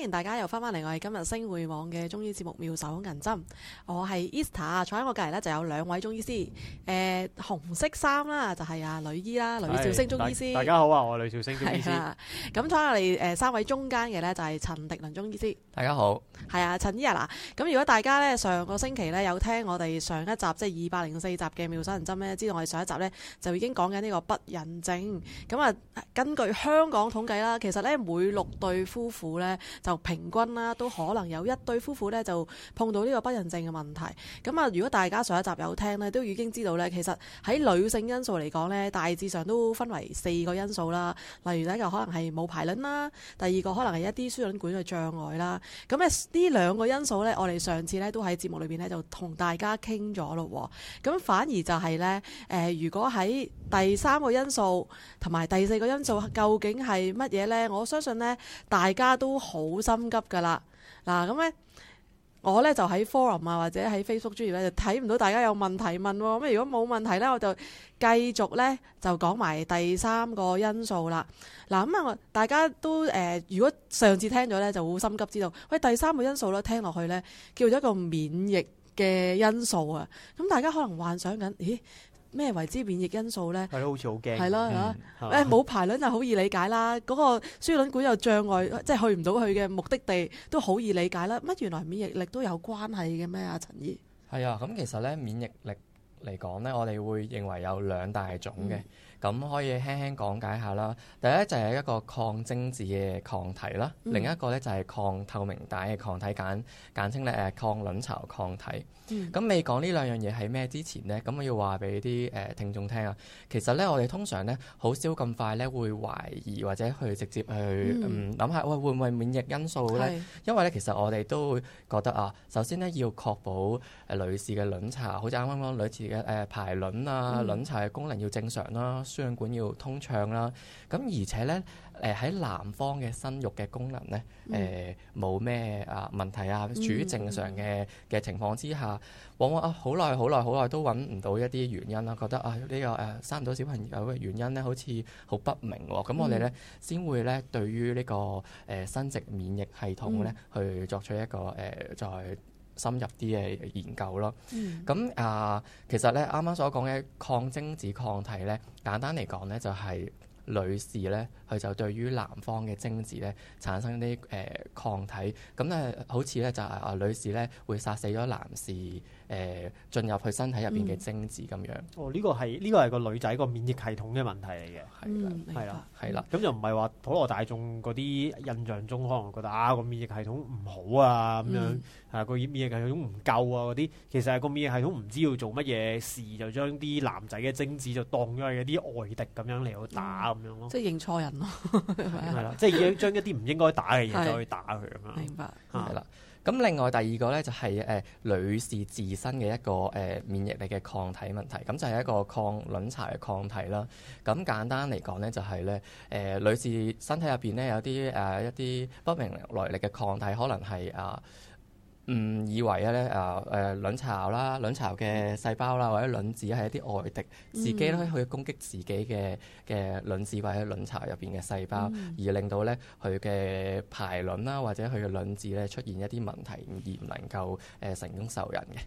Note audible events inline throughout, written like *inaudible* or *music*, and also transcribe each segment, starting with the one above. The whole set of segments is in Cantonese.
歡迎大家又翻翻嚟，我係今日星匯網嘅中醫節目《妙手銀針》，我係 Esther 坐喺我隔籬呢就有兩位中醫師，誒、呃、紅色衫啦就係阿呂醫啦，呂兆星中醫師。大家好啊，我係呂兆星中醫師。咁坐喺我哋誒三位中間嘅呢，就係陳迪倫中醫師。大家好，係啊陳醫啊嗱，咁如果大家呢，上個星期呢，有聽我哋上一集即係二百零四集嘅《妙手銀針》呢，知道我哋上一集呢，就已經講緊呢個不孕症，咁啊根據香港統計啦，其實呢，每六對夫婦呢。就平均啦，都可能有一對夫婦咧就碰到呢個不孕症嘅問題，咁啊，如果大家上一集有聽咧，都已經知道咧，其實喺女性因素嚟講咧，大致上都分為四個因素啦。例如咧就可能係冇排卵啦，第二個可能係一啲輸卵管嘅障礙啦。咁誒，呢兩個因素咧，我哋上次咧都喺節目裏邊咧就同大家傾咗咯。咁反而就係咧，誒如果喺第三個因素同埋第四個因素究竟係乜嘢咧？我相信咧，大家都好，好心急噶啦，嗱咁咧，我咧就喺 forum 啊或者喺 Facebook 專頁咧就睇唔到大家有問題問、啊，咁如果冇問題咧，我就繼續咧就講埋第三個因素啦。嗱咁啊，大家都誒、呃，如果上次聽咗咧就好心急知道，喂第三個因素咧聽落去咧叫做一個免疫嘅因素啊，咁大家可能幻想緊咦？咩為之免疫因素咧？係咯、嗯，好似好驚。係咯、嗯，吓！誒，冇排卵就好易理解啦。嗰、嗯、個輸卵管有障礙，即、就、係、是、去唔到佢嘅目的地，都好易理解啦。乜原來免疫力都有關係嘅咩？啊，陳姨，係啊，咁其實咧免疫力嚟講咧，我哋會認為有兩大種嘅，咁、嗯、可以輕輕講解下啦。第一就係一個抗精子嘅抗體啦，另一個咧就係抗透明帶嘅抗體簡簡稱咧誒抗卵巢抗體。咁未講呢兩樣嘢係咩之前咧，咁我要話俾啲誒聽眾聽啊。其實咧，我哋通常咧好少咁快咧會懷疑或者去直接去嗯諗下，喂會唔會免疫因素咧？因為咧，其實我哋都會覺得啊，首先咧要確保誒女士嘅卵巢，好似啱啱講，女士嘅誒排卵啊、卵巢嘅功能要正常啦，輸卵管要通暢啦。咁而且咧誒喺男方嘅生育嘅功能咧誒冇咩啊問題啊，處於正常嘅嘅情況之下。往往啊好耐好耐好耐都揾唔到一啲原因啦，覺得啊呢、呢個誒、啊、生唔到小朋友嘅原因咧，好似好不明喎。咁、嗯、我哋咧先會咧對於呢、呢個誒生殖免疫系統咧去作出一個誒、呃、再深入啲嘅研究咯。咁、嗯、啊，其實咧啱啱所講嘅抗精子抗體咧，簡單嚟講咧就係、係。女士呢，佢就對於男方嘅精子呢產生啲、呃、抗體，咁呢，好似呢，就係啊，女士呢會殺死咗男士。誒進入佢身體入邊嘅精子咁樣。哦，呢個係呢個係個女仔個免疫系統嘅問題嚟嘅。係啦，係啦，係啦。咁就唔係話普羅大眾嗰啲印象中可能覺得啊個免疫系統唔好啊咁樣，啊個免疫系統唔夠啊嗰啲，其實係個免疫系統唔知要做乜嘢事就將啲男仔嘅精子就當咗係啲外敵咁樣嚟到打咁樣咯。即係認錯人咯。係啦，即係將一啲唔應該打嘅嘢走去打佢咁樣。明白，係啦。咁另外第二個呢，就係誒女士自身嘅一個誒免疫力嘅抗體問題，咁就係一個抗卵巢嘅抗體啦。咁簡單嚟講呢，就係呢，誒女士身體入邊呢，有啲誒一啲不明來歷嘅抗體，可能係啊。嗯，以為咧，誒誒卵巢啦、卵巢嘅細胞啦，或者卵子係一啲外敵，嗯、自己咧可以去攻擊自己嘅嘅卵子或者卵巢入邊嘅細胞，嗯、而令到咧佢嘅排卵啦，或者佢嘅卵子咧出現一啲問題，而唔能夠誒成功受孕嘅。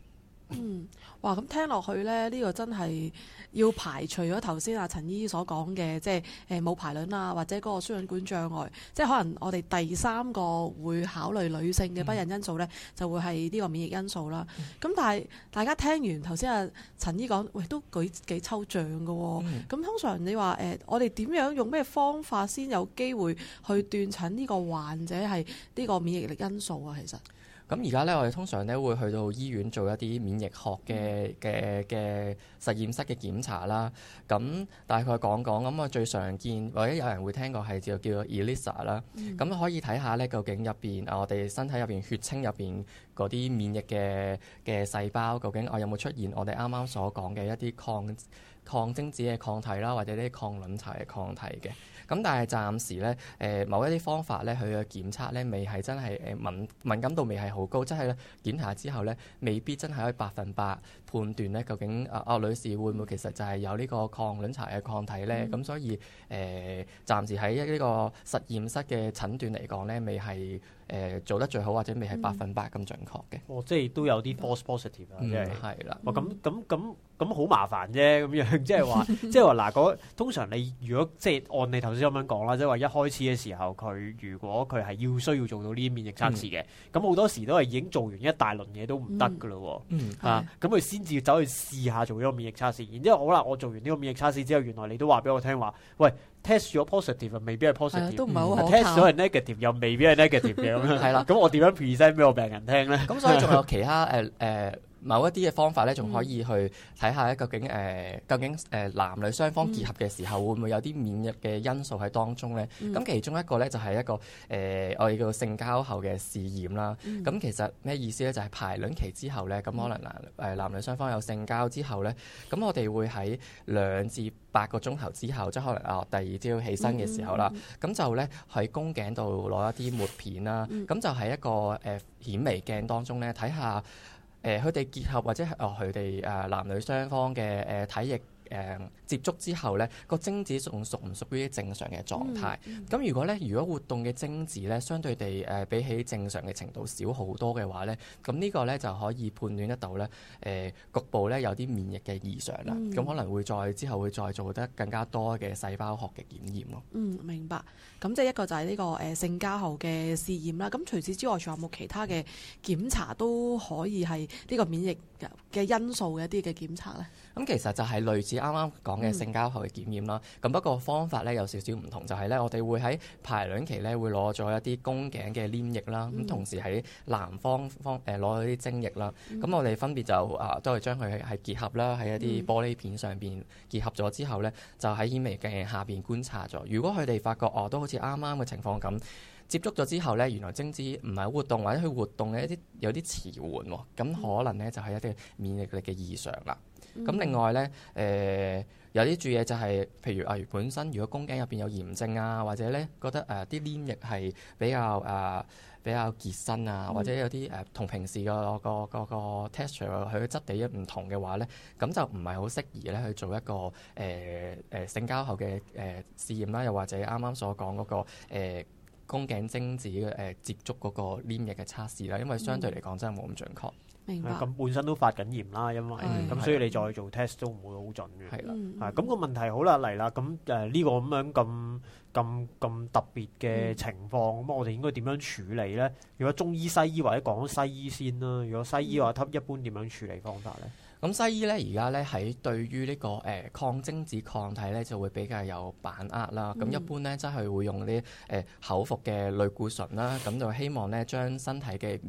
嗯，哇！咁聽落去呢，呢、這個真係要排除咗頭先阿陳姨所講嘅，即係誒冇排卵啊，或者嗰個輸卵管障礙，即係可能我哋第三個會考慮女性嘅不孕因素呢，嗯、就會係呢個免疫因素啦。咁、嗯、但係大家聽完頭先阿陳姨講，喂都舉幾抽象噶、哦。咁、嗯、通常你話誒、呃，我哋點樣用咩方法先有機會去斷診呢個患者係呢個免疫力因素啊？其實？咁而家咧，我哋通常咧會去到醫院做一啲免疫學嘅嘅嘅實驗室嘅檢查啦。咁大概講講，咁我最常見或者有人會聽過係叫叫做 ELISA 啦。嗯。咁可以睇下咧，究竟入邊我哋身體入邊血清入邊嗰啲免疫嘅嘅細胞，究竟我有冇出現我哋啱啱所講嘅一啲抗抗精子嘅抗體啦，或者呢啲抗卵巢嘅抗體嘅。咁但係暫時咧，誒、呃、某一啲方法咧，佢嘅檢測咧，未係真係誒敏敏感度未係好高，即係咧檢查之後咧，未必真係可以百分百，判斷咧究竟阿阿女士會唔會其實就係有呢個抗卵巢嘅抗體咧？咁所以誒，暫時喺一呢個實驗室嘅診斷嚟講咧，未係誒做得最好或者未係百分百咁準確嘅。哦，即係都有啲 false positive 啊，即係係啦。咁咁咁咁好麻煩啫，咁樣即係話，即係話嗱，嗰通常你如果即係按你頭先咁樣講啦，即係話一開始嘅時候，佢如果佢係要需要做到呢啲免疫測試嘅，咁好多時都係已經做完一大輪嘢都唔得㗎咯喎。嚇，咁佢先。要走去試下做呢個免疫測試，然之後好啦，我做完呢個免疫測試之後，原來你都話俾我聽話，喂，test 咗 positive 啊，未必係 positive，test 咗係、嗯、negative *laughs* 又未必係 negative 嘅，咁樣係啦，咁我點樣 present 俾個病人聽咧？咁所以仲有其他誒誒。 *laughs* 呃呃某一啲嘅方法咧，仲可以去睇下咧，究竟誒究竟誒男女雙方結合嘅時候會唔會有啲免疫嘅因素喺當中咧？咁其中一個咧就係一個誒，我哋叫性交後嘅試驗啦。咁其實咩意思咧？就係排卵期之後咧，咁可能男男女雙方有性交之後咧，咁我哋會喺兩至八個鐘頭之後，即係可能啊第二朝起身嘅時候啦，咁就咧喺宮頸度攞一啲抹片啦，咁就喺一個誒顯微鏡當中咧睇下。誒，佢哋結合或者係哦，佢哋誒男女雙方嘅誒體液，誒接觸之後咧，個精子仲屬唔屬於正常嘅狀態？咁如果咧，嗯、如果活動嘅精子咧，相對地誒比起正常嘅程度少好多嘅話咧，咁呢個咧就可以判斷得到咧誒、呃、局部咧有啲免疫嘅異常啦。咁、嗯、可能會再之後會再做得更加多嘅細胞學嘅檢驗咯。嗯，明白。咁即係一個就係呢、這個誒、呃、性交後嘅試驗啦。咁除此之外，仲有冇其他嘅檢查都可以係呢個免疫嘅因素嘅一啲嘅檢查咧？咁其實就係類似啱啱講嘅性交後嘅檢驗啦。咁、嗯、不過方法咧有少少唔同，就係、是、咧我哋會喺排卵期咧會攞咗一啲宮頸嘅黏液啦。咁、嗯、同時喺男方方誒攞咗啲精液啦。咁、嗯、我哋分別就啊都係將佢喺結合啦，喺一啲玻璃片上邊結合咗之後咧，嗯、就喺顯微鏡下邊觀察咗。如果佢哋發覺哦都好似啱啱嘅情況咁接觸咗之後咧，原來精子唔係活動或者佢活動嘅一啲有啲遲緩喎，咁可能咧就係一啲免疫力嘅異常啦。嗯。咁、嗯、另外咧，誒、呃、有啲注意就係、是，譬如例如、呃、本身如果宮頸入邊有炎症啊，或者咧覺得誒啲、呃、黏液係比較誒、呃、比較結身啊，嗯呃呃呃、啊，或者有啲誒同平時個個個個 texture 佢嘅質地一唔同嘅話咧，咁就唔係好適宜咧去做一個誒誒性交後嘅誒試驗啦，又或者啱啱所講嗰個誒宮頸精子嘅誒、呃、接觸嗰個黏液嘅測試啦、啊，因為相對嚟講真係冇咁準確。嗯咁，本身都發緊炎啦，因為咁，所以你再做 test 都唔會好準嘅。係啦，啊，咁個問題好啦嚟啦，咁誒呢個咁樣咁咁咁特別嘅情況，咁、嗯、我哋應該點樣處理咧？如果中醫西醫或者講西醫先啦，如果西醫嘅話一般點樣處理方法咧？咁、嗯、西醫咧而家咧喺對於呢個誒抗精子抗體咧就會比較有把握啦。咁、嗯、一般咧真係會用啲誒口服嘅類固醇啦，咁就希望咧將身體嘅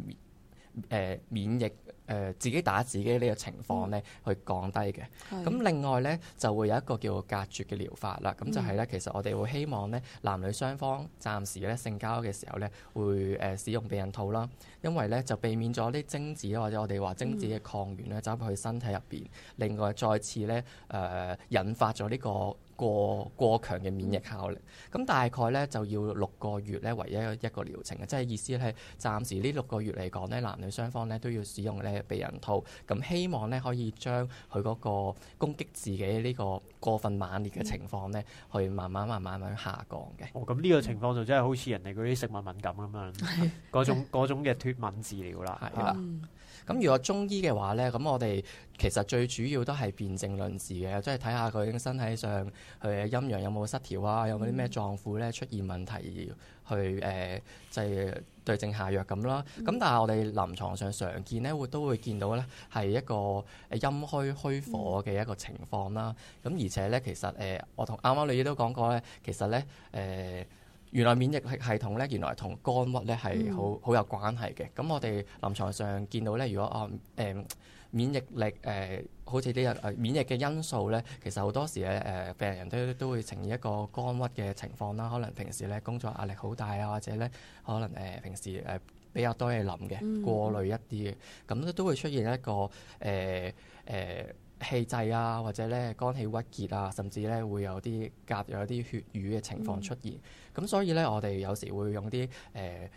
誒免疫。誒、呃、自己打自己呢個情況咧，去降低嘅。咁、嗯、另外咧，就會有一個叫隔絕嘅療法啦。咁就係咧，嗯、其實我哋會希望咧，男女雙方暫時咧性交嘅時候咧，會誒、呃、使用避孕套啦。因為咧就避免咗啲精子或者我哋話精子嘅抗原咧，走入去身體入邊。嗯、另外再次咧誒、呃、引發咗呢、這個。過過強嘅免疫效力，咁大概咧就要六個月咧，唯一一個療程嘅，即係意思咧暫時呢六個月嚟講咧，男女雙方咧都要使用咧避孕套，咁希望咧可以將佢嗰個攻擊自己呢個過分猛烈嘅情況咧，嗯、去慢慢慢慢慢下降嘅。哦，咁呢個情況就真係好似人哋嗰啲食物敏感咁樣，嗰 *laughs* 種嗰種嘅脫敏治療啦，係啦、嗯。咁如果中醫嘅話呢，咁我哋其實最主要都係辨證論治嘅，即係睇下佢身體上佢陰陽有冇失調啊，嗯、有嗰啲咩臟腑呢出現問題去誒、呃、就係、是、對症下藥咁啦。咁、嗯、但係我哋臨床上常見呢，會都會見到呢，係一個陰虛虛火嘅一個情況啦。咁、嗯、而且呢，其實誒、呃，我同啱啱你都講過呢，其實呢。誒、呃。原來免疫係系統咧，原來同肝鬱咧係好好有關係嘅。咁我哋臨床上見到咧，如果哦誒、呃、免疫力誒、呃，好似啲人誒免疫嘅因素咧，其實好多時咧誒、呃、病人都都會呈現一個肝鬱嘅情況啦。可能平時咧工作壓力好大啊，或者咧可能誒、呃、平時誒比較多嘢諗嘅過濾一啲嘅，咁、嗯、都會出現一個誒誒。呃呃氣滯啊，或者咧肝氣鬱結啊，甚至咧會有啲夾有啲血瘀嘅情況出現，咁、嗯、所以咧我哋有時會用啲誒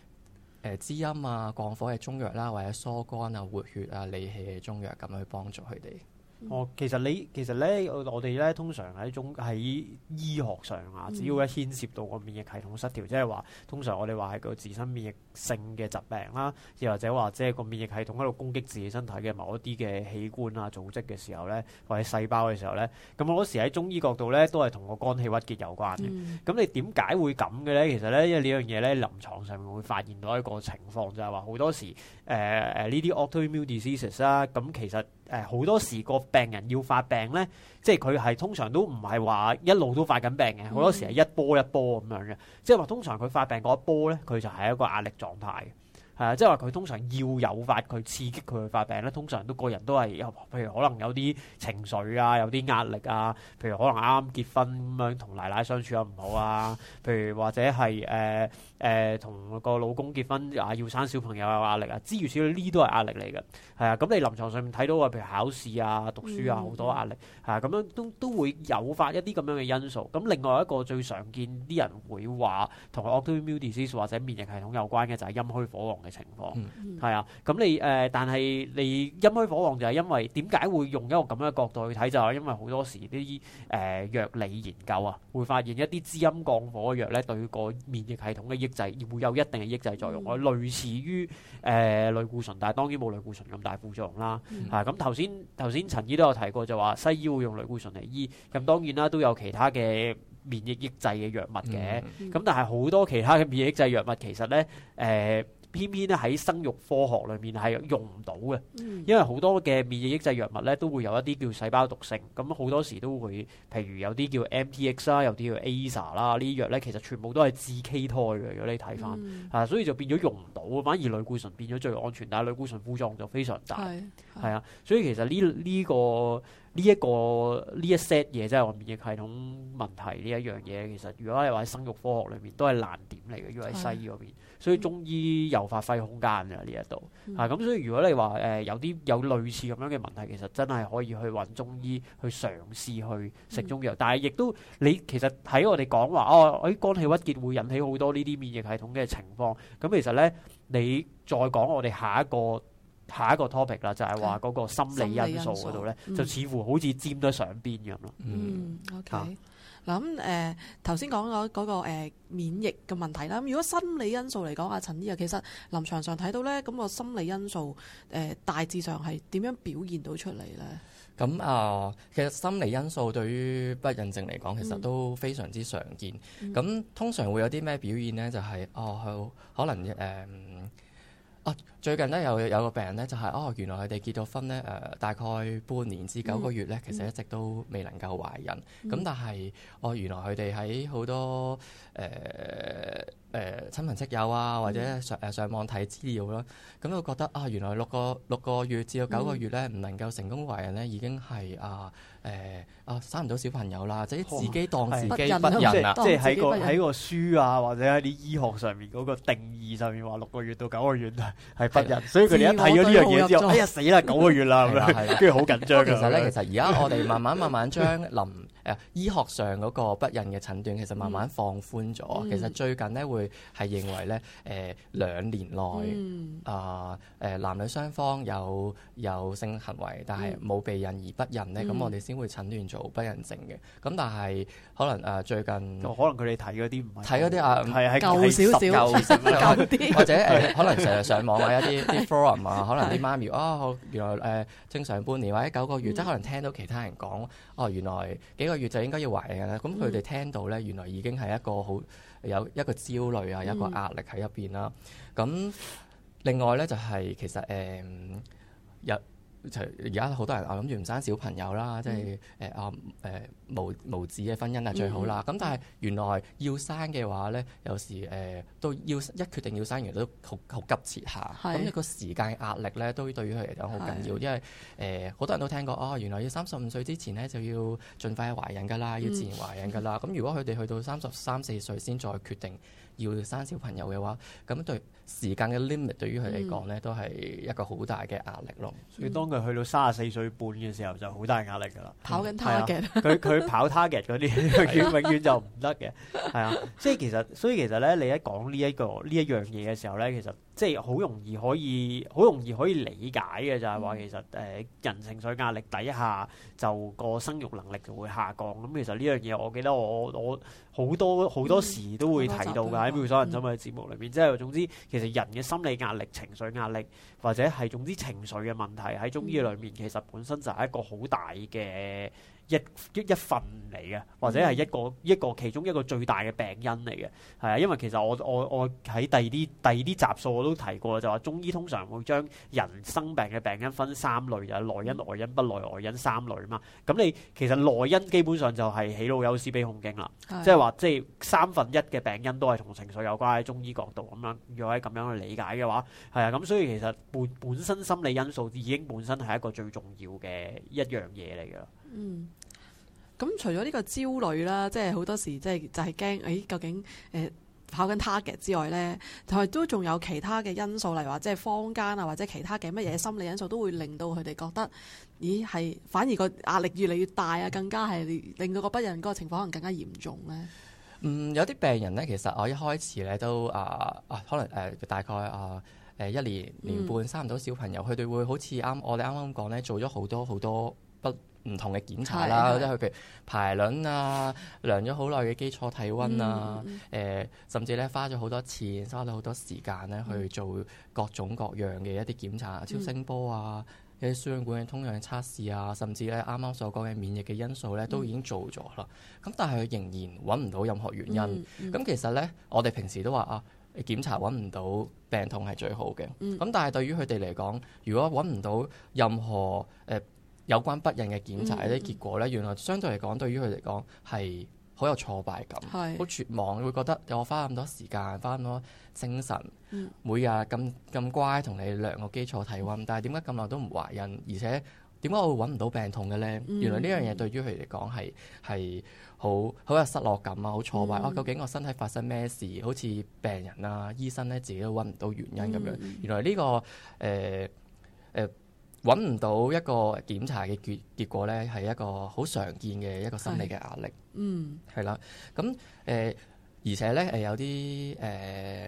誒滋陰啊、降火嘅中藥啦，或者疏肝啊、活血啊、理氣嘅中藥咁去幫助佢哋。哦，嗯、其實你其實咧，我哋咧通常係一種喺醫學上啊，只要一牽涉到個免疫系統失調，即係話通常我哋話係個自身免疫性嘅疾病啦，又或者話即係個免疫系統喺度攻擊自己身體嘅某一啲嘅器官啊、組織嘅時候咧，或者細胞嘅時候咧，咁好多時喺中醫角度咧都係同個肝氣鬱結有關嘅。咁、嗯、你點解會咁嘅咧？其實咧，因為呢樣嘢咧臨床上會發現到一個情況，就係話好多時誒誒呢、呃、啲 autoimmune diseases 啦，咁其實誒好多時個病人要發病咧，即係佢係通常都唔係話一路都發緊病嘅，好多時係一波一波咁樣嘅，即係話通常佢發病嗰一波咧，佢就係一個壓力狀態。係啊，即係話佢通常要誘發佢刺激佢發病咧，通常都個人都係，譬如可能有啲情緒啊，有啲壓力啊，譬如可能啱啱結婚咁樣，同奶奶相處又唔好啊，譬如或者係誒誒同個老公結婚啊，要生小朋友有壓力啊，諸如此類呢都係壓力嚟嘅。係啊，咁你臨床上面睇到，譬如考試啊、讀書啊好、嗯、多壓力，係啊，咁樣都都會誘發一啲咁樣嘅因素。咁另外一個最常見啲人會話同 autoimmune disease 或者免疫系統有關嘅就係、是、陰虛火旺。嘅情況，係、嗯嗯、啊，咁你誒，但係你陰虛火旺就係因為點解會用一個咁樣嘅角度去睇就係、是、因為好多時啲誒、呃、藥理研究啊，會發現一啲滋陰降火嘅藥咧對個免疫系統嘅抑制會有一定嘅抑制作用，嗯、類似於誒、呃、類固醇，但係當然冇類固醇咁大副作用啦。嚇咁頭先頭先陳姨都有提過就話西醫會用類固醇嚟醫，咁當然啦都有其他嘅免疫抑制嘅藥物嘅，咁、嗯嗯嗯、但係好多其他嘅免疫抑制藥物其實咧誒。呃呃偏偏咧喺生育科學裏面係用唔到嘅，嗯、因為好多嘅免疫抑制藥物咧都會有一啲叫細胞毒性，咁好多時都會譬如有啲叫 MTX 啦、啊，有啲叫、AS、ASA 啦，呢啲藥咧其實全部都係致畸胎嘅。如果你睇翻、嗯、啊，所以就變咗用唔到，反而類固醇變咗最安全，但係類固醇副作用就非常大。係啊，所以其實呢呢、呢個呢、呢個、一個呢一 set 嘢即係我免疫系統問題呢一樣嘢，其實如果你話喺生育科學裏面都係難點嚟嘅，要喺西醫嗰邊。是所以中醫有發揮空間、嗯、啊！呢一度嚇咁，所以如果你話誒、呃、有啲有類似咁樣嘅問題，其實真係可以去揾中醫去嘗試去食中藥，嗯、但係亦都你其實喺我哋講話哦，啲、哎、肝氣鬱結會引起好多呢啲免疫系統嘅情況。咁其實咧，你再講我哋下一個下一個 topic 啦，就係話嗰個心理因素嗰度咧，嗯、就似乎好似沾咗上邊咁咯。嗯，OK。啊咁誒頭先講咗嗰個免疫嘅問題啦，咁如果心理因素嚟講，阿陳醫生其實臨場上睇到咧，咁個心理因素誒大致上係點樣表現到出嚟咧？咁啊，其實心理因素對於不孕症嚟講，其實都非常之常見。咁、嗯嗯、通常會有啲咩表現咧？就係哦，可能誒。嗯最近咧有有個病人咧就係、係、哦，原來佢哋結咗婚咧，誒、呃、大概半年至九個月咧，嗯、其實一直都未能夠懷孕，咁、嗯、但係哦，原來佢哋喺好多誒。呃誒、呃、親朋戚友啊，或者上誒上網睇資料咯、啊，咁都覺得啊，原來六個六個月至到九個月咧，唔、嗯、能夠成功懷孕咧，已經係、呃、啊誒啊生唔到小朋友啦，即係自己當自己不孕即，即係即係喺個喺個書啊，或者喺啲醫學上面嗰個定義上面話六個月到九個月係不孕，所以佢哋一睇咗呢樣嘢之後，哎呀死啦九個月啦，咁跟住好緊張其呢。其實咧，其實而家我哋慢慢慢慢將臨。醫學上個不孕嘅診斷其實慢慢放寬咗，其實最近咧會係認為咧誒，兩年內啊誒男女雙方有有性行為，但係冇避孕而不孕咧，咁我哋先會診斷做不孕症嘅。咁但係可能誒最近，可能佢哋睇啲唔係睇啲啊，唔係係舊少少舊舊啲，或者誒可能成日上網啊一啲啲 forum 啊，可能啲媽咪哦原來誒正常半年或者九個月，即係可能聽到其他人講哦原來幾個月就應該要懷疑啦，咁佢哋聽到咧，原來已經係一個好有一個焦慮啊，嗯、一個壓力喺入邊啦。咁另外咧就係其實誒、呃，有，而家好多人啊諗住唔生小朋友啦，即係誒啊誒。嗯呃呃呃無無子嘅婚姻係最好啦。咁但係原來要生嘅話咧，有時誒都要一決定要生原來都好好急切下。咁呢個時間壓力咧，都對於佢嚟講好緊要，因為誒好多人都聽過哦，原來要三十五歲之前咧就要盡快懷孕噶啦，要自然懷孕噶啦。咁如果佢哋去到三十三四歲先再決定要生小朋友嘅話，咁對時間嘅 limit 對於佢嚟講咧，都係一個好大嘅壓力咯。所以當佢去到三十四歲半嘅時候，就好大壓力噶啦。跑緊拖嘅，去跑 target 嗰啲， *laughs* 永永遠就唔得嘅，係 *laughs* 啊，即係其實，所以其實咧，你一講呢一、這個呢一樣嘢嘅時候咧，其實即係好容易可以，好容易可以理解嘅就係話，其實誒、呃、人情緒壓力底下就個生育能力就會下降。咁、嗯、其實呢樣嘢，我記得我我好多好多時都會提到噶喺妙手銀針嘅節目裏面，即係、嗯、總之，其實人嘅心理壓力、情緒壓力或者係總之情緒嘅問題喺中醫裏面，嗯、其實本身就係一個好大嘅。一一一份嚟嘅，或者係一個、嗯、一個其中一個最大嘅病因嚟嘅，係啊，因為其實我我我喺第二啲第二啲集數我都提過，就話中醫通常會將人生病嘅病因分三類，就係、是、內因、外因、不內外因三類啊嘛。咁你其實內因基本上就係喜怒憂思悲恐驚啦，即係話即係三分一嘅病因都係同情緒有關喺中醫角度咁樣、嗯。如果喺咁樣去理解嘅話，係啊，咁所以其實本本身心理因素已經本身係一個最重要嘅一樣嘢嚟嘅。嗯，咁、嗯、除咗呢個焦慮啦，即係好多時，即係就係驚。誒，究竟誒、呃、考緊 target 之外咧，就係都仲有其他嘅因素，例如話即係坊間啊，或者其他嘅乜嘢心理因素，都會令到佢哋覺得，咦，係反而個壓力越嚟越大啊，更加係令到個不孕嗰個情況可能更加嚴重咧。嗯，有啲病人咧，其實我一開始咧都啊啊，可能誒、呃、大概啊誒、呃、一年年半生唔到小朋友，佢哋、嗯、會好似啱我哋啱啱講咧，做咗好多好多不唔同嘅檢查啦，即係譬如排卵啊，量咗好耐嘅基礎體温啊，誒、嗯呃，甚至咧花咗好多錢，花咗好多時間咧去做各種各樣嘅一啲檢查，嗯、超聲波啊，一啲血管嘅通量測試啊，甚至咧啱啱所講嘅免疫嘅因素咧，都已經做咗啦。咁、嗯、但係佢仍然揾唔到任何原因。咁、嗯嗯、其實咧，我哋平時都話啊，檢查揾唔到病痛係最好嘅。咁、嗯、但係對於佢哋嚟講，如果揾唔到任何誒，呃呃呃有關不孕嘅檢查嗰啲結果咧，原來相對嚟講，對於佢嚟講係好有挫敗感，好是絕望，會覺得我花咁多時間，花咁多精神，嗯、每日咁咁乖同你量個基礎體温，但係點解咁耐都唔懷孕，而且點解我會揾唔到病痛嘅咧？嗯、原來呢樣嘢對於佢嚟講係係好好有失落感啊，好挫敗、嗯、啊！究竟我身體發生咩事？好似病人啦、啊、醫生咧，自己都揾唔到原因咁樣。原來呢個誒誒。呃呃呃呃呃揾唔到一個檢查嘅結結果咧，係一個好常見嘅一個心理嘅壓力。嗯，係啦。咁誒、呃，而且咧誒，有啲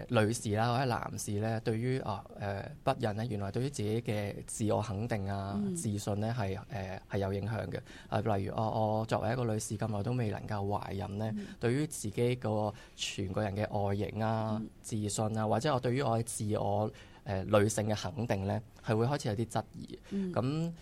誒女士啦或者男士咧，對於哦誒不孕咧，原來對於自己嘅自我肯定啊、嗯、自信咧，係誒係有影響嘅。誒、呃，例如我我作為一個女士咁耐都未能夠懷孕咧，嗯、對於自己個全個人嘅外形啊、自信啊，或者對於我對於我嘅自我。誒、呃、女性嘅肯定咧，係會開始有啲質疑。咁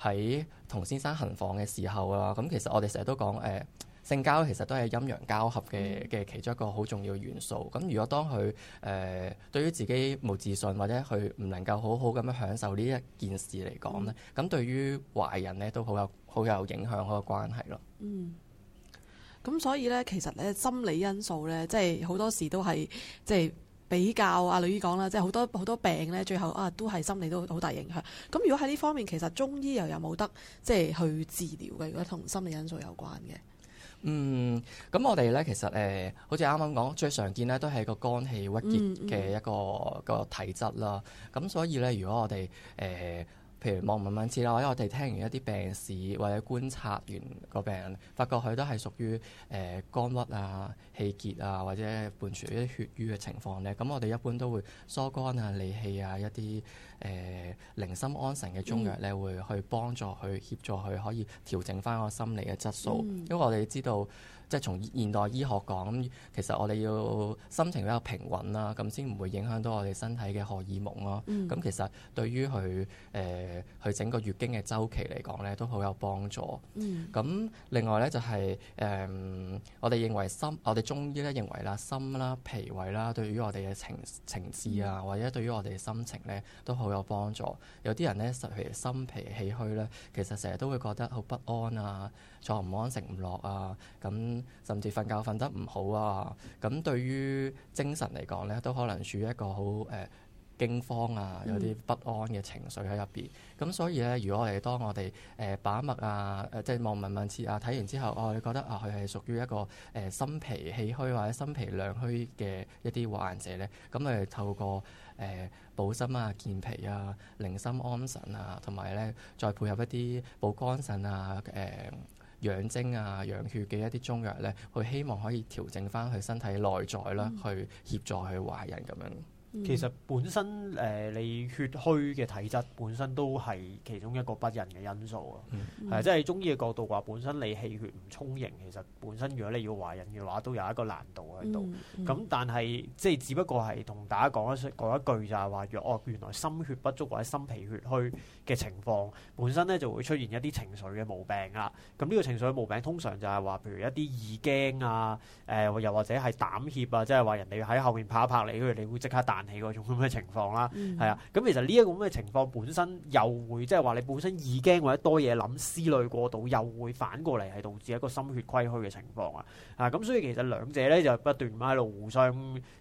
喺、嗯、同先生行房嘅時候啊，咁其實我哋成日都講誒、呃、性交其實都係陰陽交合嘅嘅其中一個好重要元素。咁、嗯、如果當佢誒、呃、對於自己冇自信或者佢唔能夠好好咁樣享受呢一件事嚟講咧，咁、嗯、對於懷孕咧都好有好有影響嗰個關係咯。嗯，咁所以咧，其實咧心理因素咧，即係好多時都係即係。即即即比較阿女醫講啦，即係好多好多病咧，最後啊都係心理都好大影響。咁如果喺呢方面，其實中醫又有冇得即係去治療嘅？如果同心理因素有關嘅，嗯，咁我哋咧其實誒、呃，好似啱啱講，最常見咧都係個肝氣鬱結嘅一個一個、嗯嗯、一個體質啦。咁所以咧，如果我哋誒。呃譬如望文敏次啦，因為我哋聽完一啲病史或者觀察完個病人，發覺佢都係屬於誒乾鬱啊、氣結啊，或者伴隨啲血瘀嘅情況咧。咁我哋一般都會疏肝啊、理氣啊一啲誒寧心安神嘅中藥咧，會去幫助佢協助佢可以調整翻個心理嘅質素，嗯、因為我哋知道。即係從現代醫學講，其實我哋要心情比較平穩啦，咁先唔會影響到我哋身體嘅荷爾蒙咯。咁、嗯、其實對於佢誒佢整個月經嘅周期嚟講咧，都好有幫助。咁、嗯、另外咧就係、是、誒、呃，我哋認為心，我哋中醫咧認為啦，心啦、脾胃啦，對於我哋嘅情情志啊，嗯、或者對於我哋心情咧，都好有幫助。有啲人咧，譬如心脾氣虛咧，其實成日都會覺得好不安啊。坐唔安，食唔落啊，咁甚至瞓覺瞓得唔好啊。咁對於精神嚟講咧，都可能處於一個好誒、呃、驚慌啊，有啲不安嘅情緒喺入邊。咁、嗯、所以咧，如果我哋當我哋誒、呃、把脈啊，誒即係望聞問切啊，睇完之後，我、哦、你覺得啊，佢係屬於一個誒心脾氣虛或者心脾兩虛嘅一啲患者咧。咁我哋透過誒補心啊、健脾啊、寧心安神啊，同埋咧再配合一啲補肝腎啊，誒、呃。呃養精啊、養血嘅一啲中藥呢，佢希望可以調整翻佢身體內在啦，去協助佢懷孕咁樣。其實本身誒、呃、你血虛嘅體質，本身都係其中一個不孕嘅因素、嗯、啊，係即係中醫嘅角度話，本身你氣血唔充盈，其實本身如果你要懷孕嘅話，都有一個難度喺度。咁、嗯嗯、但係即係只不過係同大家講一講一句就係話，若哦原來心血不足或者心脾血虛嘅情況，本身咧就會出現一啲情緒嘅毛病啦。咁呢個情緒嘅毛病通常就係話，譬如一啲易驚啊，誒、呃、又或者係膽怯啊，即係話人哋喺後面拍一拍你，佢你會即刻彈。係嗰種咁嘅情況啦，係啊、嗯，咁其實呢一個咁嘅情況本身又會即係話你本身易驚或者多嘢諗思慮過度，又會反過嚟係導致一個心血虧虛虛嘅情況啊，咁所以其實兩者咧就不斷咁喺度互相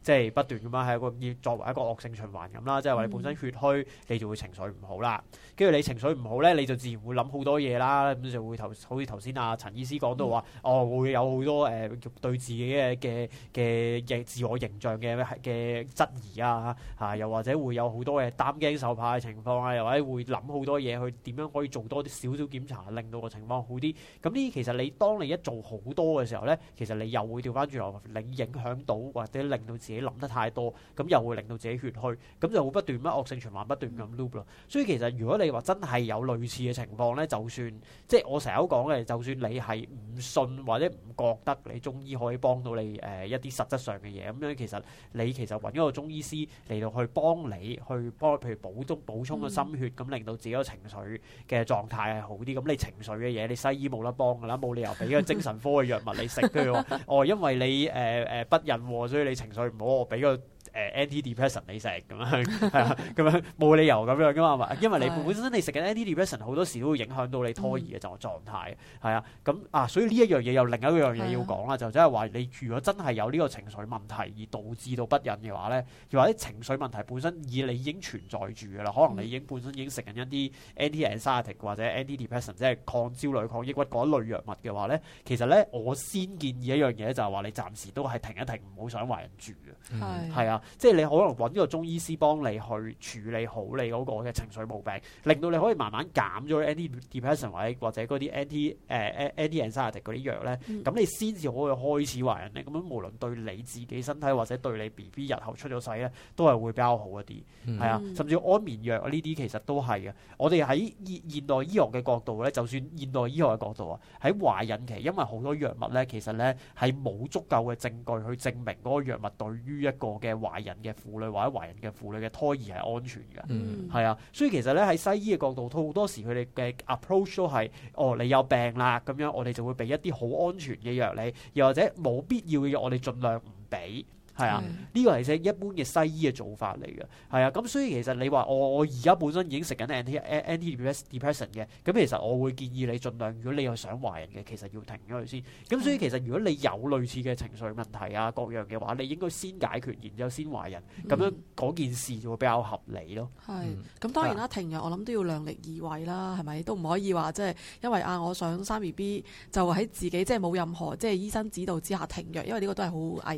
即係、就是、不斷咁樣係一個作為一個惡性循環咁啦，即係話你本身血虛，你就會情緒唔好啦，跟住你情緒唔好咧，你就自然會諗好多嘢啦，咁就會頭好似頭先阿陳醫師講到話，我會有好多誒、呃、對自己嘅嘅嘅自我形象嘅嘅質疑啊。啊！又或者會有好多嘅擔驚受怕嘅情況啊，又或者會諗好多嘢去點樣可以做多啲少少檢查，令到個情況好啲。咁呢啲其實你當你一做好多嘅時候咧，其實你又會調返轉頭，影影響到或者令到自己諗得太多，咁又會令到自己血虛，咁就會不斷乜惡性循環不斷咁 loop 啦。所以其實如果你話真係有類似嘅情況咧，就算即係我成日都講嘅，就算你係唔信或者唔覺得你中醫可以幫到你誒、呃、一啲實質上嘅嘢，咁樣其實你其實揾一個中醫師。嚟到去幫你去幫，譬如補足補充個心血，咁令到自己個情緒嘅狀態係好啲。咁你情緒嘅嘢，你西醫冇得幫噶啦，冇理由俾個精神科嘅藥物你食。譬如話哦，因為你誒誒、呃呃、不孕，所以你情緒唔好，我俾個。誒 antidepressant 你食咁樣，係啊，咁樣冇理由咁樣噶嘛，因為你本身你食緊 antidepressant 好多時都會影響到你胎兒嘅狀狀態，係啊、嗯，咁啊，所以呢一樣嘢有另一個樣嘢要講啦，嗯、就即係話你如果真係有呢個情緒問題而導致到不孕嘅話咧，又或者情緒問題本身已你已經存在住噶啦，可能你已經本身已經食緊一啲 anti-anxiety 或者 antidepressant 即係抗焦慮抗抑鬱嗰類藥物嘅話咧，其實咧我先建議一樣嘢就係話你暫時都係停一停，唔好想懷孕住嘅，啊、嗯的。即係你可能揾個中醫師幫你去處理好你嗰個嘅情緒毛病，令到你可以慢慢減咗 anti-depression 或者嗰啲 anti 誒、呃、anti-anxiety 嗰啲藥咧，咁、嗯、你先至可以開始懷孕咧。咁樣無論對你自己身體或者對你 B B 日後出咗世咧，都係會比較好一啲，係、嗯、啊。甚至安眠藥呢啲其實都係嘅。我哋喺現代醫學嘅角度咧，就算現代醫學嘅角度啊，喺懷孕期，因為好多藥物咧，其實咧係冇足夠嘅證據去證明嗰個藥物對於一個嘅孕懷孕嘅婦女或者懷孕嘅婦女嘅胎兒係安全嘅，係啊、嗯，所以其實咧喺西醫嘅角度，好多時佢哋嘅 approach 都係，哦，你有病啦，咁樣我哋就會俾一啲好安全嘅藥你，又或者冇必要嘅藥，我哋盡量唔俾。係啊，呢、呢個係即一般嘅西醫嘅做法嚟嘅。係啊，咁、嗯、所以其實你話、哦、我我而家本身已經食緊 anti depress depression 嘅，咁、嗯、其實我會建議你儘量，如果你又想懷孕嘅，其實要停咗佢先。咁所以其實如果你有類似嘅情緒問題啊，各樣嘅話，你應該先解決，然之後先懷孕，咁樣嗰件事就會比較合理咯。咁、嗯、當然啦，停藥我諗都要量力而為啦，係咪？都唔可以話即係因為啊，我想生 B B 就喺自己即係冇任何即係醫生指導之下停藥，因為呢個都係好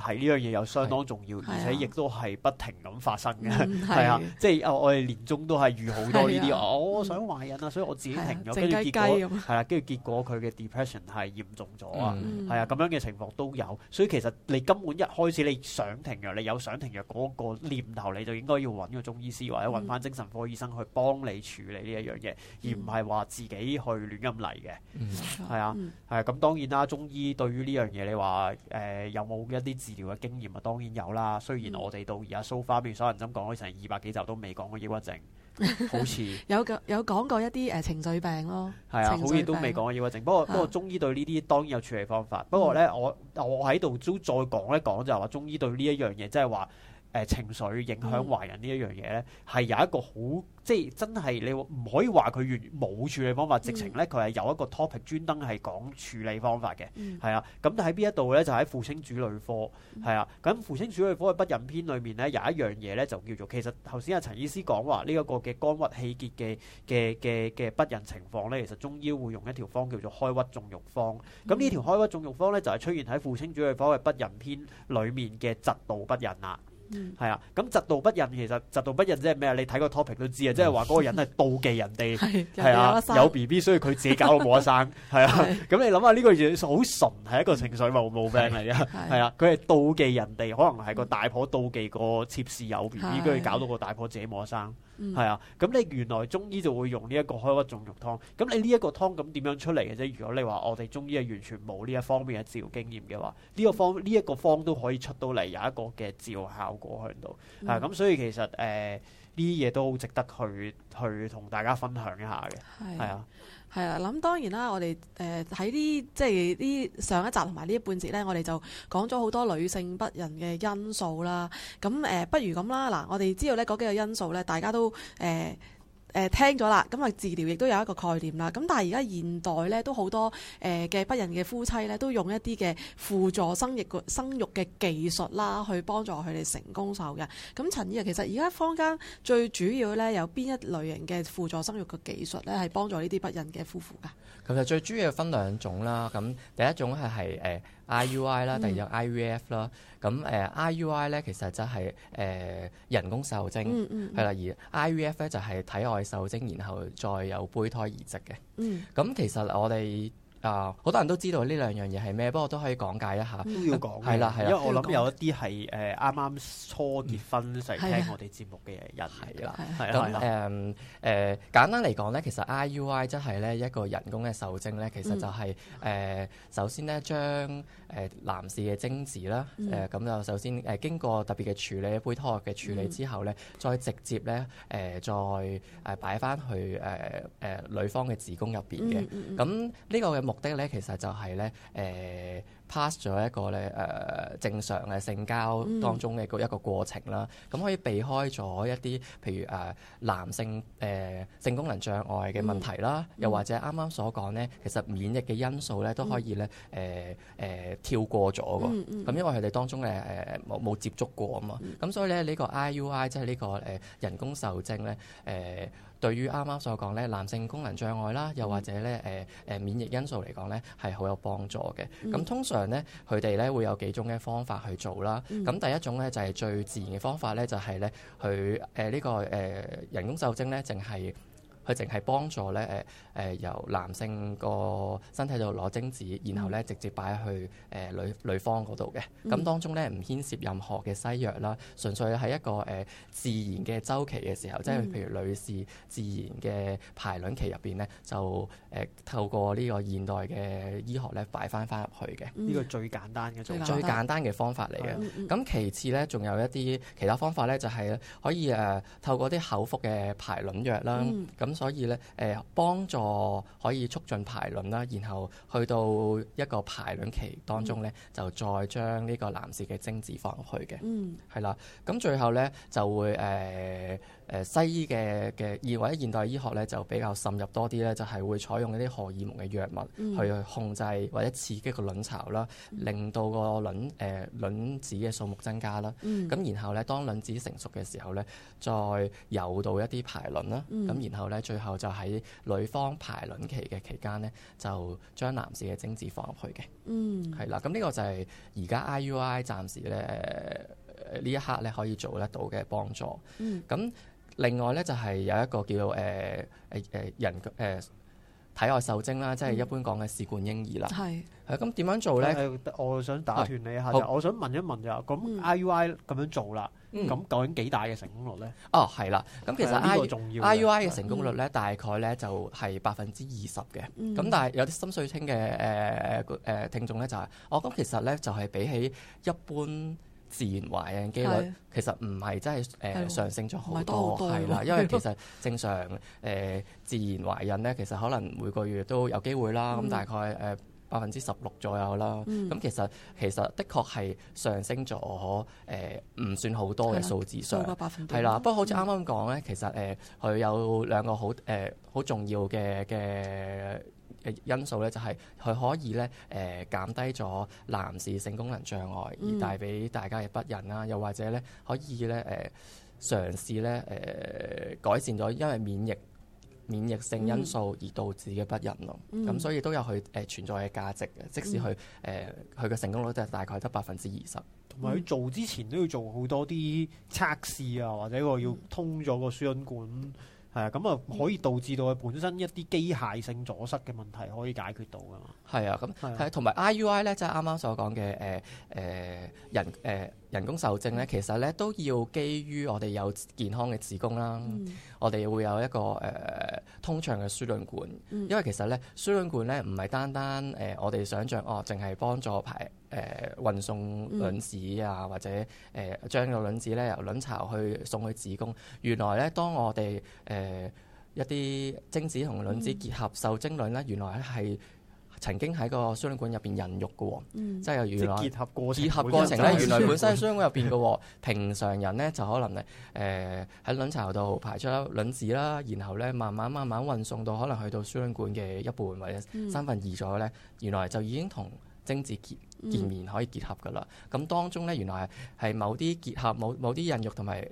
危呢樣嘢又相當重要，而且亦都係不停咁發生嘅，係啊，即係我哋年中都係遇好多呢啲，我想懷孕啊，所以我自己停咗，跟住結果係啊，跟住結果佢嘅 depression 係嚴重咗啊，係啊，咁樣嘅情況都有，所以其實你根本一開始你想停藥，你有想停藥嗰個念頭，你就應該要揾個中醫師或者揾返精神科醫生去幫你處理呢一樣嘢，而唔係話自己去亂咁嚟嘅，係啊，係咁當然啦，中醫對於呢樣嘢你話誒有冇一啲嘅經驗啊，當然有啦。雖然我哋到而、嗯、家 so far，變咗妙手銀針講咗，成二百幾集都未講過抑鬱症，好似 *laughs* 有講有講過一啲誒情緒病咯。係啊，情緒病，好似都未講過抑鬱症。不過、啊、不過，中醫對呢啲當然有處理方法。不過咧，我我喺度都再講一講，就係話中醫對呢一樣嘢，即係話。誒、呃、情緒影響懷孕呢一樣嘢咧，係、嗯、有一個好即係真係你唔可以話佢完冇處理方法，嗯、直情咧佢係有一個 topic 專登係講處理方法嘅，係啊、嗯。咁喺邊一度咧就喺、是、傅青主女科，係啊。咁傅青主女科嘅不孕篇裏面咧有一樣嘢咧就叫做其實頭先阿陳醫師講話呢一個嘅肝鬱氣結嘅嘅嘅嘅不孕情況咧，其實中醫會用一條方叫做開鬱種玉方。咁呢條開鬱種玉方咧就係、是、出現喺傅青主女科嘅不孕篇裏面嘅嫉妒不孕啊。係啊，咁嫉妒不孕其實嫉妒不孕即係咩啊？你睇個 topic 都知啊，即係話嗰個人係妒忌人哋，係啊有 B B，所以佢自己搞到冇得生，係啊。咁你諗下呢個嘢好純，係一個情緒暴冇病嚟嘅。係啊。佢係妒忌人哋，可能係個大婆妒忌個妾侍有 B B，跟住搞到個大婆自己冇得生。係、嗯、啊，咁你原來中醫就會用呢一個開鬱種玉湯，咁你湯呢一個湯咁點樣出嚟嘅啫？如果你話我哋中醫係完全冇呢一方面嘅治療經驗嘅話，呢、嗯、個方呢一、這個方都可以出到嚟有一個嘅治療效果喺度、嗯、啊！咁所以其實誒，呢啲嘢都好值得去去同大家分享一下嘅，係是啊。係啦，咁當然啦，我哋誒喺呢，即係呢上一集同埋呢半節呢，我哋就講咗好多女性不孕嘅因素啦。咁誒、呃，不如咁啦，嗱，我哋知道呢嗰幾個因素呢，大家都誒。呃誒聽咗啦，咁啊治療亦都有一個概念啦。咁但係而家現代咧都好多誒嘅不孕嘅夫妻咧，都用一啲嘅輔助生育嘅生育嘅技術啦，去幫助佢哋成功受孕。咁陳醫生，其實而家坊間最主要咧有邊一類型嘅輔助生育嘅技術咧，係幫助呢啲不孕嘅夫婦噶？其實最主要分兩種啦。咁第一種係係誒。IUI 啦，第二有 IVF 啦，咁誒 IUI 咧其實就係誒人工授精係啦，而 IVF 咧就係體外受精，然後再有胚胎移植嘅。咁、嗯、其實我哋啊！好多人都知道呢兩樣嘢係咩，不過都可以講解一下。都要講嘅，係啦係啦，因為我諗有一啲係誒啱啱初結婚成日聽我哋節目嘅人係啦。係啦係啦。咁誒簡單嚟講咧，其實 IUI 即係咧一個人工嘅受精咧，其實就係誒首先咧將誒男士嘅精子啦，誒咁就首先誒經過特別嘅處理、胚胎學嘅處理之後咧，再直接咧誒再誒擺翻去誒誒女方嘅子宮入邊嘅。嗯咁呢個嘅目的咧，其實就係咧，誒、呃、pass 咗一個咧誒、呃、正常嘅性交當中嘅一個過程啦。咁、嗯啊、可以避開咗一啲，譬如誒、啊、男性誒、呃、性功能障礙嘅問題啦。嗯、又或者啱啱所講咧，其實免疫嘅因素咧都可以咧誒誒跳過咗嘅。咁、嗯嗯啊、因為佢哋當中誒誒冇冇接觸過啊嘛。咁所以咧呢、呢個 IUI 即係呢個誒人工授精咧誒。呃呃呃呃對於啱啱所講咧，男性功能障礙啦，又或者咧誒誒免疫因素嚟講咧，係好有幫助嘅。咁、嗯、通常咧，佢哋咧會有幾種嘅方法去做啦。咁、嗯、第一種咧就係最自然嘅方法咧，就係咧佢誒呢個誒、呃、人工授精咧，淨係。佢淨係幫助咧誒誒由男性個身體度攞精子，然後咧直接擺去誒女女方嗰度嘅。咁當中咧唔牽涉任何嘅西藥啦，純粹係一個誒自然嘅周期嘅時候，即係譬如女士自然嘅排卵期入邊咧，就誒透過呢個現代嘅醫學咧擺翻翻入去嘅。呢個最簡單嘅最簡單嘅方法嚟嘅。咁其次咧，仲有一啲其他方法咧，就係可以誒透過啲口服嘅排卵藥啦，咁。所以咧，誒、呃、幫助可以促進排卵啦，然後去到一個排卵期當中咧，嗯、就再將呢個男士嘅精子放去嘅，係啦、嗯，咁最後咧就會誒。呃誒西醫嘅嘅，或者現代醫學咧就比較滲入多啲咧，就係會採用一啲荷爾蒙嘅藥物、嗯、去控制或者刺激個卵巢啦，嗯、令到個卵誒、呃、卵子嘅數目增加啦。咁、嗯、然後咧，當卵子成熟嘅時候咧，再誘導一啲排卵啦。咁、嗯、然後咧，最後就喺女方排卵期嘅期間咧，就將男士嘅精子放入去嘅。嗯，係啦。咁呢個就係而家 IUI 暫時咧呢、呃、一刻咧可以做得到嘅幫助。嗯。咁另外咧就係有一個叫做誒誒誒人誒、呃、體外受精啦，即係一般講嘅試管嬰兒啦。係、嗯，係咁點樣做咧？我想打斷你一下，我想問一問就咁 IUI 咁樣做啦，咁、嗯、究竟幾大嘅成功率咧？哦，係啦，咁其實呢個重要 IUI 嘅成功率咧，大概咧就係百分之二十嘅。咁但係有啲心水清嘅誒誒誒聽眾咧就係，哦，咁其實咧就係比起一般。自然懷孕機率其實唔係真係誒上升咗好多係啦，因為其實正常誒、呃、自然懷孕咧，其實可能每個月都有機會啦，咁、嗯、大概誒百分之十六左右啦。咁、嗯、其實其實的確係上升咗誒，唔、呃、算好多嘅數字上係啦。不過好似啱啱講咧，其實誒佢、呃、有兩個好誒好重要嘅嘅嘅因素咧，就係佢可以咧，誒、呃、減低咗男士性功能障礙而帶俾大家嘅不孕啦，嗯、又或者咧可以咧，誒、呃、嘗試咧，誒、呃、改善咗因為免疫免疫性因素而導致嘅不孕咯。咁、嗯、所以都有佢誒、呃、存在嘅價值嘅，即使佢誒佢嘅成功率就係大概得百分之二十。同埋佢做之前都要做好多啲測試啊，或者要通咗個輸卵管。係啊，咁啊可以導致到佢本身一啲機械性阻塞嘅問題，可以解決到㗎嘛？係啊、嗯，咁係同埋 IUI 咧，就係啱啱所講嘅誒誒人誒。呃人工授精咧，其實咧都要基於我哋有健康嘅子宮啦，嗯、我哋會有一個誒、呃、通暢嘅輸卵管，嗯、因為其實咧輸卵管咧唔係單單誒、呃、我哋想像哦，淨、呃、係幫助排誒、呃、運送卵子啊，嗯、或者誒、呃、將個卵子咧由卵巢去送去子宮。原來咧當我哋誒、呃、一啲精子同卵子結合受精卵咧，嗯、原來係。曾經喺個輸卵管入邊孕育嘅喎，嗯、即係例如話結合過程咧，程呢原來本身喺輸卵管入邊嘅喎，哦、 *laughs* 平常人咧就可能誒誒喺卵巢度排出卵子啦，然後咧慢慢慢慢運送到可能去到輸卵管嘅一半、嗯、或者三分二左右咧，原來就已經同精子結見面可以結合嘅啦。咁、嗯嗯、當中咧原來係某啲結合某某啲孕育同埋，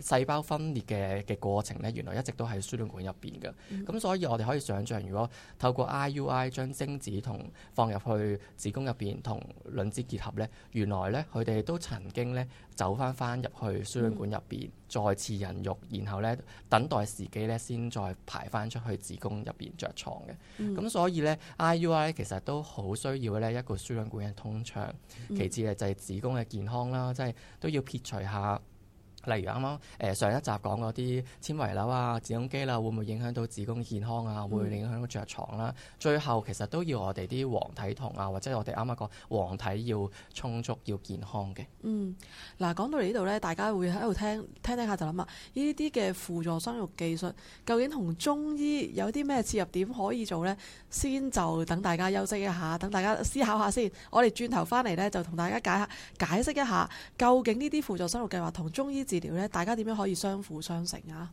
細胞分裂嘅嘅過程咧，原來一直都喺輸卵管入邊嘅，咁、嗯、所以我哋可以想像，如果透過 IUI 將精子同放入去子宮入邊同卵子結合咧，原來咧佢哋都曾經咧走翻翻入去輸卵管入邊，嗯、再次孕育，然後咧等待時機咧先再排翻出去子宮入邊着床嘅。咁、嗯、所以咧 IUI 其實都好需要咧一個輸卵管嘅通暢，嗯、其次咧就係、是、子宮嘅健康啦，即、就、係、是、都要撇除下。例如啱啱誒上一集講嗰啲纖維瘤啊，子宮肌瘤會唔會影響到子宮健康啊？嗯、會，會影響個着床啦，啊？最後其實都要我哋啲黃體酮啊，或者我哋啱啱講黃體要充足，要健康嘅。嗯，嗱講到嚟呢度咧，大家會喺度聽，聽聽聽下就諗啊，呢啲嘅輔助生育技術究竟同中醫有啲咩切入點可以做咧？先就等大家休息一下，等大家思考下先。我哋轉頭翻嚟咧，就同大家解下解釋一下，一下究竟呢啲輔助生育計劃同中醫。治療咧，大家點樣可以相輔相成啊？